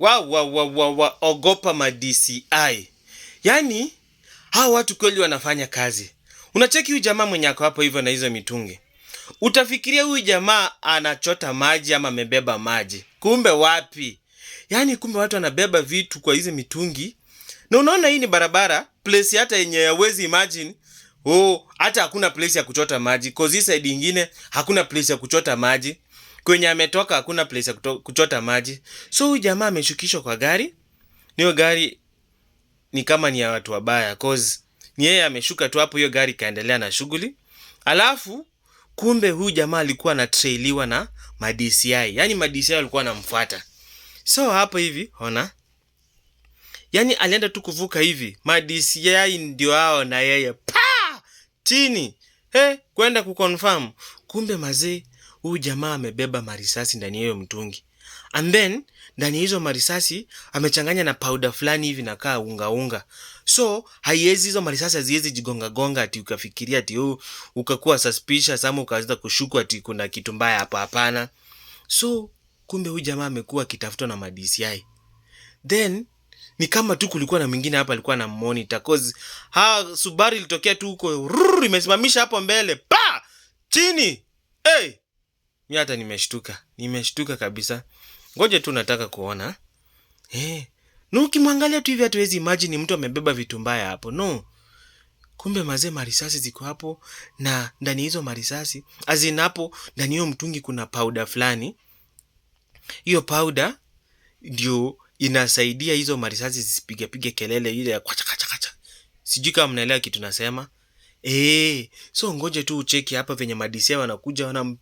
wa wa wa wa wa ogopa ma DCI. Yaani hawa watu kweli wanafanya kazi. Unacheki huyu jamaa mwenye ako hapo hivyo na hizo mitungi. Utafikiria huyu jamaa anachota maji ama amebeba maji. Kumbe wapi? Yaani kumbe watu wanabeba vitu kwa hizo mitungi. Na unaona hii ni barabara, place hata yenye hawezi imagine. Oh, hata hakuna place ya kuchota maji. Cause hii side nyingine hakuna place ya kuchota maji kwenye ametoka hakuna place ya kuchota maji. So huyu jamaa ameshukishwa kwa gari, niyo gari ni kama ni ya watu wabaya, cause ni yeye ameshuka tu hapo, hiyo gari ikaendelea na shughuli. Alafu kumbe huyu jamaa alikuwa anatrailiwa na madisi madci, yani madci alikuwa anamfuata. So hapo hivi ona, yani alienda tu kuvuka hivi, Madisi yai ndio hao na yeye pa chini, he eh, kwenda kuconfirm, kumbe mazee huyu jamaa amebeba marisasi ndani ya hiyo mtungi and then ndani ya hizo marisasi amechanganya na pauda fulani hivi nakaa ungaunga so haiwezi hizo marisasi haziwezi jigongagonga ati ukafikiria ati u, oh, ukakuwa suspicious ama ukaweza kushuku ati kuna kitu mbaya hapo Hapana, so kumbe huyu jamaa amekuwa akitafutwa na madci then ni kama tu kulikuwa na mwingine hapa alikuwa na monita cause ha subari ilitokea tu huko rrr imesimamisha hapo mbele pa chini hey! mi hata nimeshtuka, nimeshtuka kabisa. Ngoja tu nataka kuona eh. Na ukimwangalia tu hivi hatuwezi imagine mtu amebeba vitu mbaya hapo, no. Kumbe mazee, marisasi ziko hapo, na ndani hizo marisasi azinapo, ndani hiyo mtungi kuna powder fulani. Hiyo powder ndio inasaidia hizo marisasi zisipigapige kelele ile ya kwacha kacha kacha, sijui kama mnaelewa kitu nasema. Eh, so ngoje tu ucheki hapa venye madisia wanakuja wana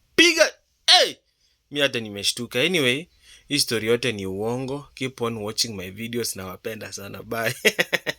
Mi hata nimeshtuka. Anyway, hii story yote ni uongo. Keep on watching my videos, nawapenda sana. Bye.